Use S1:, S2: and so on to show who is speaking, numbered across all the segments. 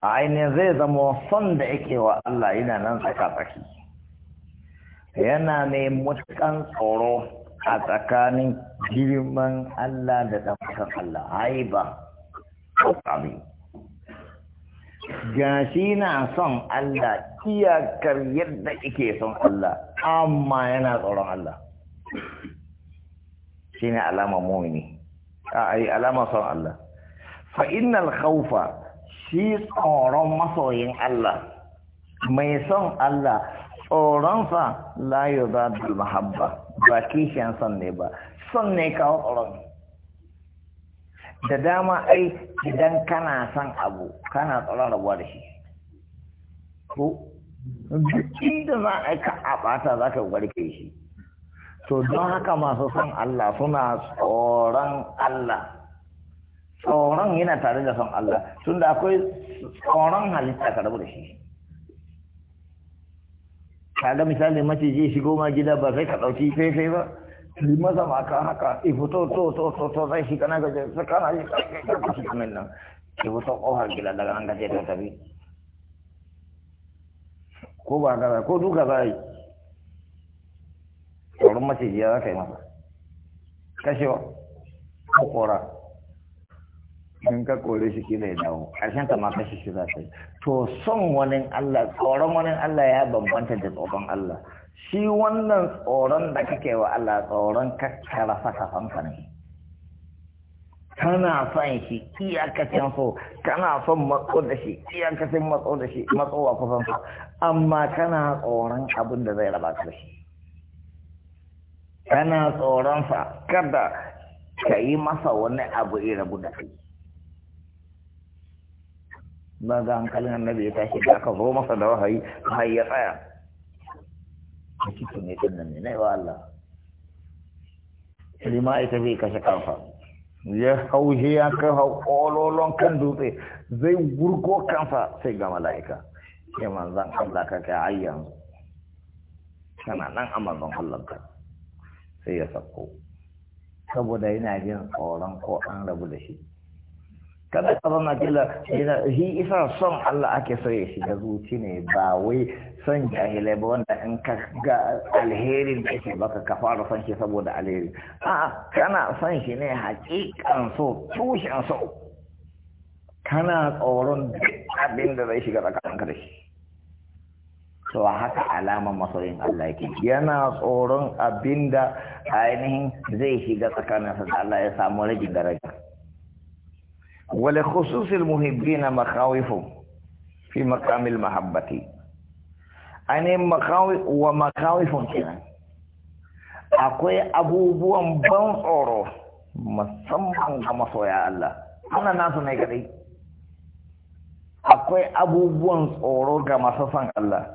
S1: a ainihin zai zama son da yake wa Allah yana nan tsaka-tsaki yana ne mutukan tsoro a tsakanin girman Allah da ɗaukar Allah haiba ƙoƙari gashi na son Allah iyakar yadda yake son Allah amma yana tsoron Allah Shi ne alama mumini a alama son Allah Fa'inal innal khawfa shi tsoron masoyin Allah mai son Allah tsoronsa layu da mahabba ba kishiyan son ne ba son ne kawo tsoron da dama ai idan kana son abu kana tsoron rabuwa da shi ko inda za a ka a bata za ka warke shi to don haka masu son Allah suna tsoron Allah tsoron yana tare da son Allah tunda akwai tsoron halitta ka rabu da shi kaga misali maciji shigo ma gida ba sai ka ɗauki faifai ba yi maza ma ka haka ifito to to to to zai shi kana gaje sai kana yi ka shi kamin nan ki fito ƙofar gida daga nan gaje ta tafi ko ba gara ko duka za yi tsoron maciji ya za ka yi masa kashewa ko kora in ka kore shi kila ya dawo ƙarshen ta ma shi shi za ta yi to son wani Allah tsoron wani Allah ya bambanta da tsoron Allah shi wannan tsoron da kake wa Allah tsoron kakkara saka fanka ne kana son shi iyakacin so kana son matso da shi iyakacin matso da shi wa kusan so amma kana tsoron abin da zai raba ka da shi kana tsoron sa kada ka yi masa wani abu irin rabu da kai ba ga hankalin annabi ya tashi da aka zo masa da wahayi har ya tsaya a cikin ne din nan ne na wa Allah lima ita bai kashe kanfa ya haushe ya kai kololon kan dutse zai gurgo kansa sai ga mala'ika sai manzan Allah ka kai ayyan kana nan amazon Allah ka sai ya sako saboda yana jin tsoron ko an rabu da shi kada ka zama kila shi isa son Allah ake so ya shiga zuci ne ba wai son jahilai ba wanda in ka ga alherin da yake baka ka fara son shi saboda alheri a kana son shi ne hakikan so tushen so kana tsoron abin da zai shiga tsakanin da shi to haka alama masoyin Allah yake yana tsoron abin da ainihin zai shiga tsakaninsa da Allah ya samu rage daraja ولخصوص المحبين مخاوف في مقام المحبة أنا مخاوف ومخاوف كنا أقوي أبو بوان أمبان أورو مصمم كما سويا الله أنا ناس نيكري أقوي أبو بوان أورو كما سويا الله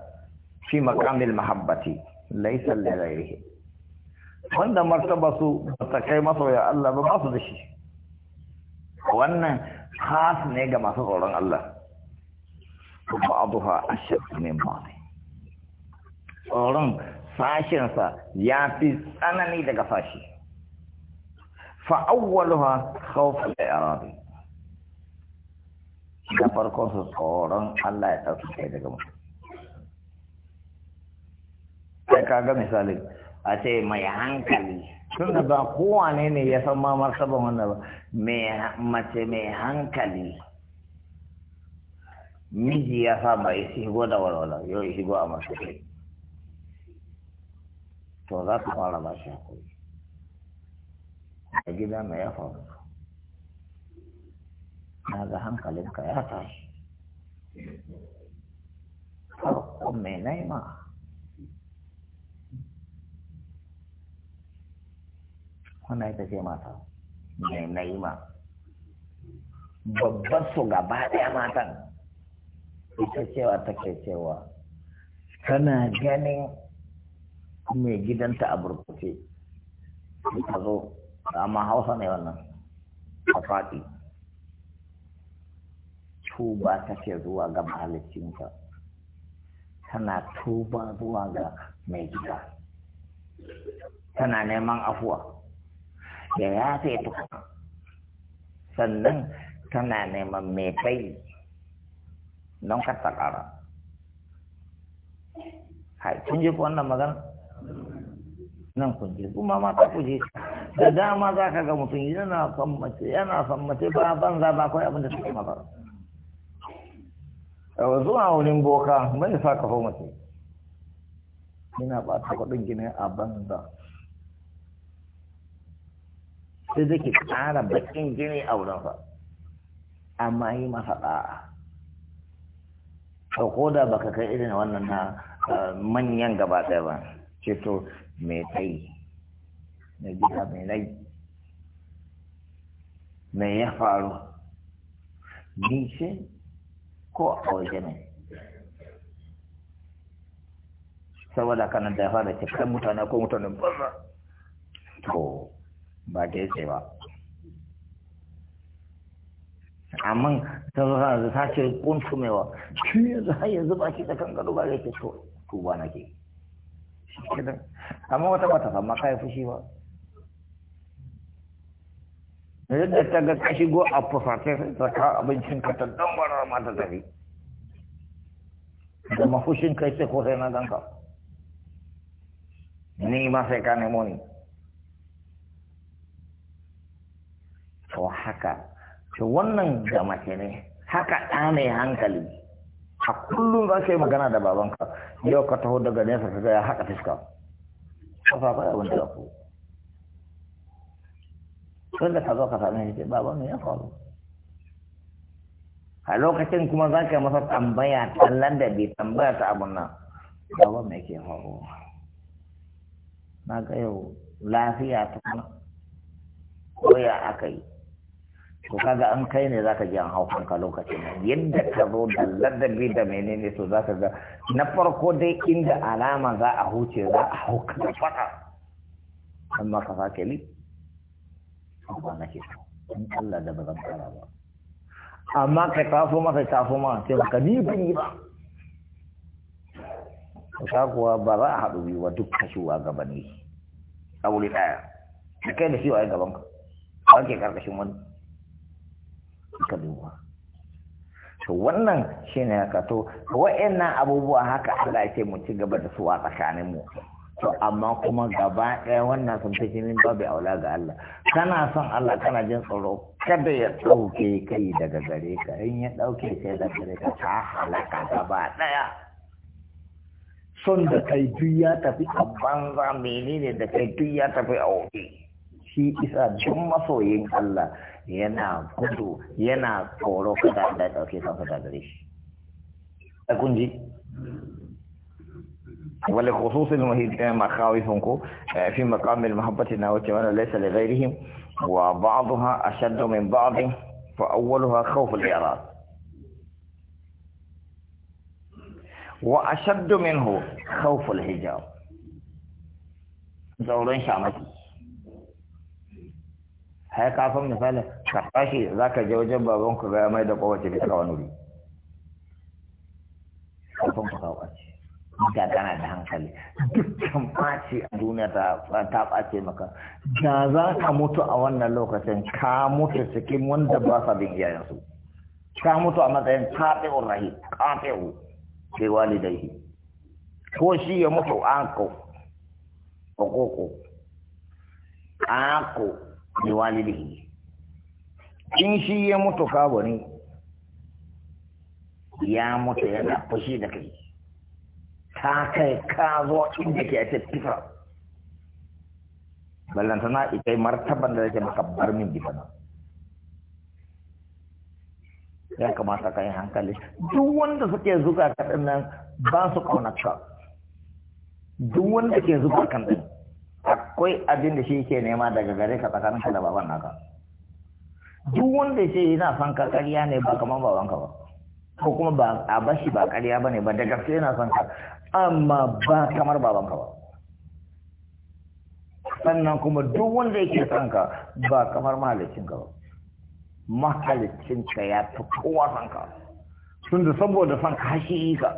S1: في مقام المحبة ليس لغيره عندما martaba su ba ta الله masoya wannan khas ne ga masu tsoron Allah ba'dha ashad min ba'd tsoron sashinsa ya fi tsanani daga fashi fa'awwaluha khawf al-i'radi da farkon su tsoron Allah ya dauke kai daga mu sai kaga misali a ce mai hankali tunda ba kowane ne ya san ma martaban wannan ba mace mai hankali miji ya sa ya shigo da walwala yau ya shigo a masu kai to za su fara ba shi hakuri a gida mai ya faru na ga hankalinka ya tashi farkon mai naima wannan ita ce mata mai naima babban su gaba ɗaya matan ita cewa take cewa Tana ganin mai gidanta a burkuce ka zo amma hausa ne wannan a faɗi tuba take zuwa ga mahalicinta tana tuba zuwa ga mai gida tana neman afuwa ya yafe tukuna sannan tana neman mai kai don kasta ƙara hai kun je ku wannan magana nan kun je kuma ma ta kuje da dama za ka ga mutum yana son mace yana son mace ba banza ba kawai abin da suke ba zuwa wurin boka mai sa ka mace yana ba ta kuɗin gini a banza sai zai tsara ƙara bakin gini a wurinsa amma yi masa ɗa'a to ko da baka kai irin wannan na manyan gaba ɗaya ba ce to me kai me gida me nai me ya faru ni ce ko a waje ne saboda kanan da ya fara cikin mutane ko mutane banza to ba da ya ba amma sun rana da ta ce kuntumewa shi yanzu har yanzu ba shi tsakan gado ba zai ce to ba na ke amma wata ba ta fama kai fushi ba yadda ta ga ka shigo a fusace sai ta ka abincin ka ta dangwara ma ta tafi da mafushin kai ce ko sai na danka ni ma sai ka nemo ni to haka to wannan ga mace ne haka ta mai hankali a kullum za ka yi magana da babanka yau ka taho daga nesa ka gaya haka fiska kafa kai abin da ku da ka zo ka same shi baba me ya faru a lokacin kuma za ka masa tambaya tallan da bai tambaya ta abun nan baba me ke faru na ga yau lafiya ta ko ya aka yi to kaga an kai ne zaka ji an hau ka lokacin yadda ka zo da ladabi da menene to zaka ga na farko dai inda alama za a huce za a hauka da fata amma ka sake li na ke so in Allah da bazan zan ba amma ka ma masa kafo ma sai ka ni bin yi ba ka kuwa ba za a haɗu biyu ba duk kashewa gabani a wuri ɗaya da kai da shi wa gaban ka ba ke karkashin wani ka duba to wannan shine haka to wa'annan abubuwa haka Allah ya ce mu ci gaba da su a tsakanin mu to amma kuma gaba ɗaya wannan sun fi jinin babu aula ga Allah kana son Allah kana jin tsoro kada ya ɗauke kai daga gare ka in ya ɗauke kai daga gare ka ta halaka gaba ɗaya son da kai duk ya tafi a banza menene da kai duk ya tafi a oke shi isa duk masoyin Allah yana gudu yana tsoro kada da dauke sa kansa da gare shi a kunji wale khususin khawifun ko fi makamin mahabbati na wace wani laysa li ghayrihim wa ba'aduha ashaddu min ba'adin fa awwaluha al irad wa ashaddu minhu khawf al hijab zauren shamati hai ka san misalin ka tashi za ka je wajen baban ku ga mai da kowace bisa wani wuri kafin ka kawo ce ga gana da hankali dukkan ɓaci a duniya ta ɓace maka da za ka mutu a wannan lokacin ka mutu cikin wanda ba sa bin iyayensu ka mutu a matsayin kafin rahi kafi'u sai yi. ko shi ya mutu an ko ko. bi walidihi in shi ya mutu kafiri ya mutu ya fushi da kai ta kai ka zo inda ke ake tifa ballantana ita yi martaban da zai maka bar min gidana ya kamata ka yi hankali duk wanda suke zuga kaɗan nan ba su ƙaunaka duk wanda ke zuga kan ɗin akwai abin da shi ke nema daga gare ka tsakanin ka da baban naka duk wanda ce yana son ka ƙarya ne ba kamar babanka ba ko kuma ba a bashi ba ƙarya ba ne ba da gaske yana son ka amma ba kamar babanka ba sannan kuma duk wanda yake son ka ba kamar ka ba ka ya fi kowa son ka tunda saboda son ka hashi ka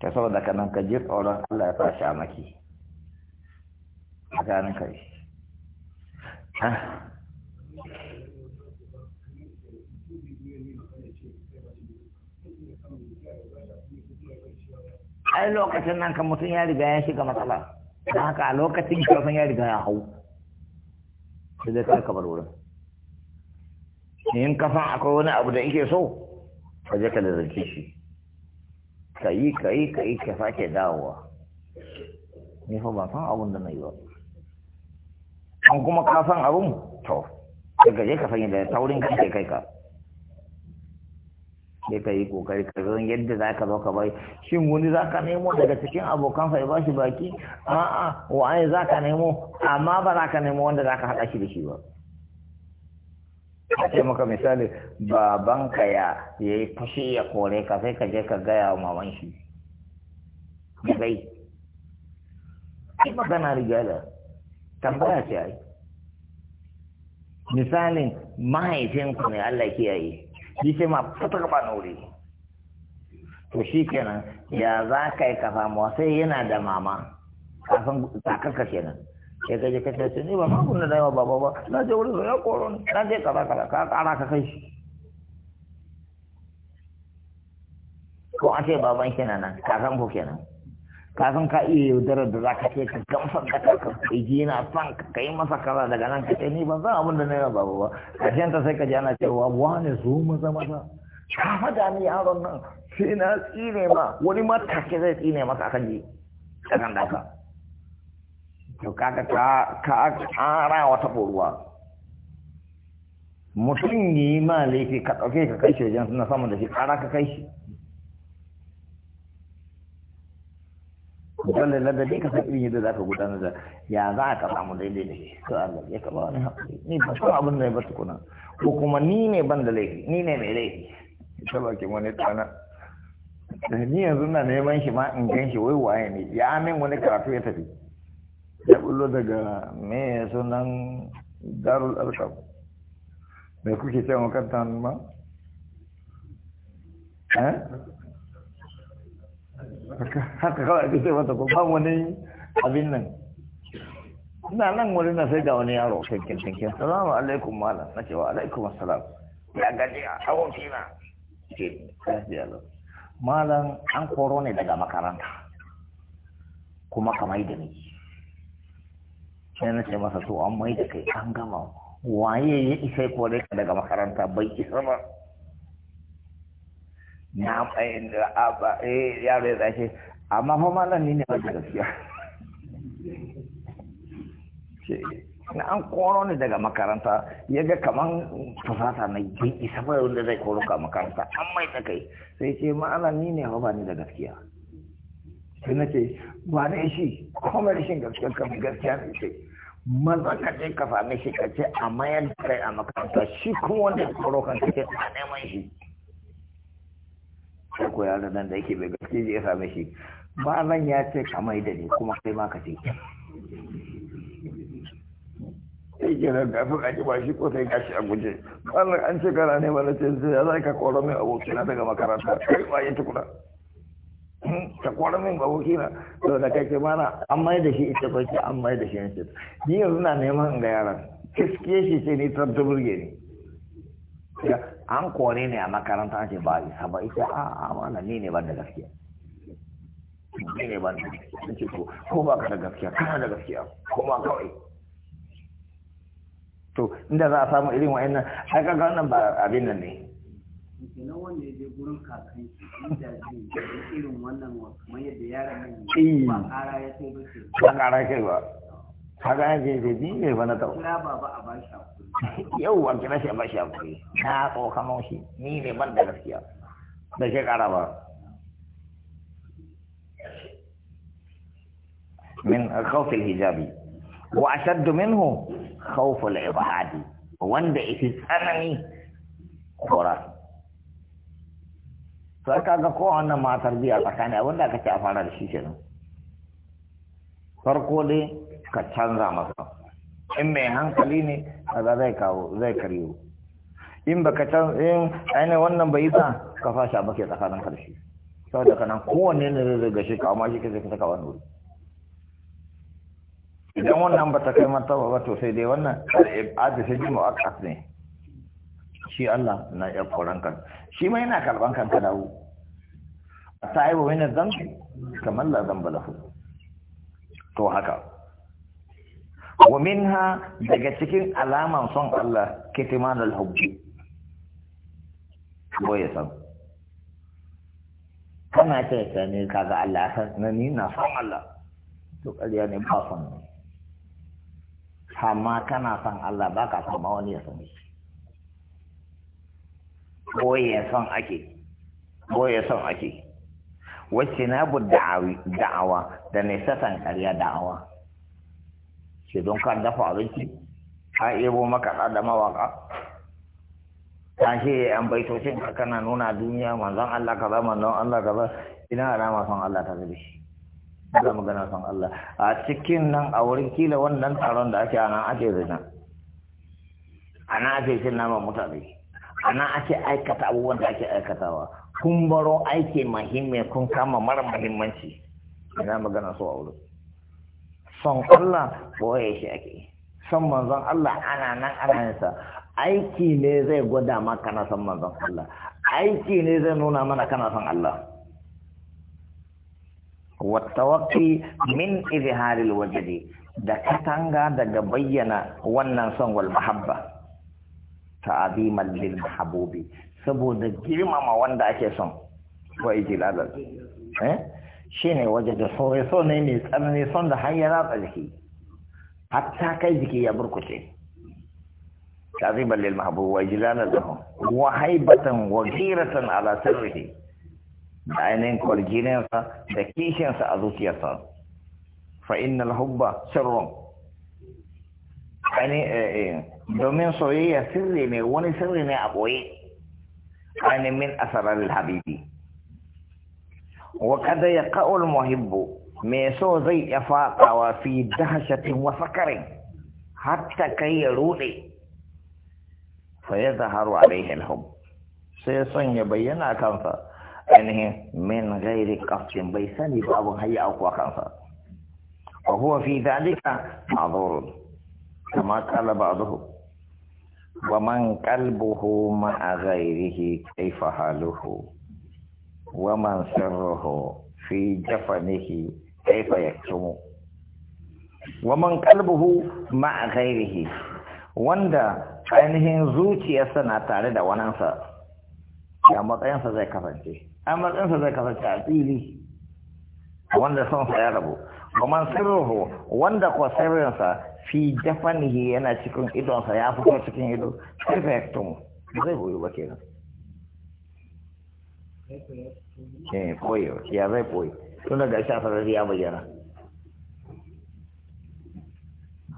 S1: ta saboda ka nan ka jir tsoron Allah ya fashi a maki a ganin kai ai lokacin nan kan mutum ya riga ya shiga matsala don haka a lokacin kafin ya riga ya hau sai zai kawai kabar wurin in kasan akwai wani abu da yake so ka je ka da shi ka yi ka yi ka yi ka sake dawowa ne fa ba san abun da na yi ba an kuma ka san abun to ka gaje ka san yadda taurin kan kai kai ka sai ka yi kokari ka zan yadda za ka zo ka bai shin wani za ka nemo daga cikin abokansa ya bashi baki a'a wa'ai za ka nemo amma ba za ka nemo wanda za ka haɗa shi da shi ba a ce maka misali babanka ya ya yi fashi ya kore ka sai ka je ka gaya wa maman shi zai ai magana rigala tambaya ce ai misalin mahaifinku ne Allah kiyaye shi ce ma fata ba na wuri to shi kenan ya za ka yi ka samu sai yana da mama kafin takarka kenan sai ka je ka ce ni ba ma kunna da yawa ba ba na je wurin ya koro ni na je kala kala ka kara ka kai ko a ce baban kenan nan kakan ko kenan kasan ka iya yaudarar da za ka ce ka gamsar da ka kai yana son ka yi masa kaza daga nan ka ce ni ban san abin da na ba ba ba karshen ta sai ka ji ana cewa wane zo maza maza ka fada ni yaron nan sai na tsine ma wani ma take zai tsine maka akan ji akan daka to kaga ka ka ƙara wata boruwa mutum ne ma laifi ka ɗauke ka kai shi wajen suna samun da shi ƙara ka kai shi dole ladabi ka san irin yadda za ka gudanar da ya za ka samu daidai da shi to Allah ya kaba wani haƙuri ni ba san abin da ya ba tukuna ko kuma ni ne ban da laifi ni ne mai laifi ita ke wani tsana ni yanzu na neman shi ma in gan shi wai waye ne ya min wani karatu ya tafi ya bullo daga me sunan darul arkam mai kuke cewa makanta eh? ma haka kawai ka ce mata kuma wani abin nan ina nan wani na sai ga wani yaro kankin kankin salamu alaikum malam na ce wa alaikum assalam ya gaji a awon kina ce lafiya lau malam an koro ne daga makaranta kuma kamar da ni sai na ce masa to an mai da kai an gama waye ya isa kore ka daga makaranta bai isa ba na bayan da aba eh yaro ya zace amma fa mallan ni ne ba gaskiya ce na an koro ni daga makaranta ya ga kaman fasata na bai isa ba wanda zai koro ka makaranta an mai da kai sai ce mallan ni ne fa ba ni da gaskiya sai na ce ba ne shi kuma shi gaskiya kan gaskiya ne sai maza ka je ka same shi ka ce a mayar da kai a makaranta shi kuma wanda ya tsoro kan kake ta neman shi ko ko ya nan da yake bai gaske je ya same shi ba nan ya ce ka mai da ni kuma kai ma ka ce sai ke nan gafi a ba shi ko sai gashi a guje wannan an ce kana ne ba na ce ya za ka koro min abokina daga makaranta kai ya tukuna ta kwara min ba wuki na to da kake mana an mai da shi ita kwanci an mai da shi yanci ni yanzu na neman in ga yaran kiske shi ce ni ta burge ni an kore ne a makaranta ce ba isa ba ita a mana ni ne ban da gaskiya ni ne ban da gaskiya an ko ba ka da gaskiya kana da gaskiya ko ma kawai to inda za a samu irin wa'annan ai ga wannan ba abin nan ne kenan wanda ya je gurin kakan shi da irin wannan wa kamar yadda yaran nan eh. ba ƙara ya kai ba ce ba ƙara kai ba kaga ya je da biyu ne ba na tau kira baba a ba shi hakuri yau a kira shi a ba shi hakuri na tsokano shi ni ne ban da gaskiya da shi ƙara ba min khawfil hijabi wa ashaddu minhu khawful ibhadi wanda yake tsanani kora sai kaga ko wannan ma tarbiya tsakani abin da aka ce a fara da shi kenan farko dai ka canza masa in mai hankali ne kaza zai kawo zai karyo in baka can in aini wannan bai sa ka fashi a bakai tsakanin karshe saboda kana kowanne ne zai zai gashi kawo ma shi ke zai kasa saka nuri idan wannan ba ta kai martaba ba to sai dai wannan da shi jima a ne shi Allah na iya koran kan shi ma yana karban kanka dawo ta aiwa wani zambi kamar la zamba lahu to haka wa minha daga cikin alaman son Allah kitiman al-hubbi ko ya san kana ce ta ne kaga Allah san na ni na son Allah to ƙarya ne ba son amma kana san Allah ba ka ma wani ya san shi ko ya san ake ko ya san ake wacce na bu da'awa da satan karya da'awa ce don ka dafa abinci a ebo maka da mawaka ta ce an baitocin ka kana nuna duniya manzon Allah kaza manzon Allah kaza ina alama son Allah ta zabi shi Allah magana son Allah a cikin nan a wurin kila wannan taron da ake ana ake zina ana ake cin naman mutane ana ake aikata abubuwan da ake aikatawa kun baro aiki mahimmi kun kama mara mahimmanci ina magana so a wurin son Allah boye shi ake son manzon Allah ana nan ana yansa aiki ne zai gwada ma kana son manzon Allah aiki ne zai nuna mana kana son Allah wattawaki min izharil wajdi da katanga daga bayyana wannan son wal mahabba ta'abiman lil mahbubi saboda girmama wanda ake son wa ijlalal eh shine waje da so so ne mai tsanani son da har ya ratsa hatta kai jiki ya burkuce ta'abiman lil mahbubi wa ijlalal wa haibatan wa ghiratan ala sirri da ainihin kwarginansa da kishinsa a zuciyarsa Fa'inna na lahubba sirrun يعني، أنا آه، آه، دومين صوي يا سري مي وانا سري مي أبوي أنا يعني من أسرى الحبيب وكذا يقع المحب مي سو زي يفاق وفي دهشة وفكر حتى كي يروني فيظهر عليه الحب سيصن يبين أكانسا أنه يعني من غير قصد بيساني بابو هيا في ذلك معذور kama kala ba'dahu wa man qalbuhu ma'a ghayrihi kayfa haluhu wa man sirruhu fi jafanihi kayfa yaktumu wa man qalbuhu ma'a ghayrihi wanda ainihin zuciyarsa na tare da wanansa a matsayinsa zai kasance a matsayinsa zai kasance a tsiri wanda son sa ya rabu kuma sirruhu wanda ko sirrinsa fi jafanihi yana cikin idonsa ya fito cikin ido sai fa yaktumu zai koyo ba kenan eh koyo ya zai koyo tun daga shafar ya bayyana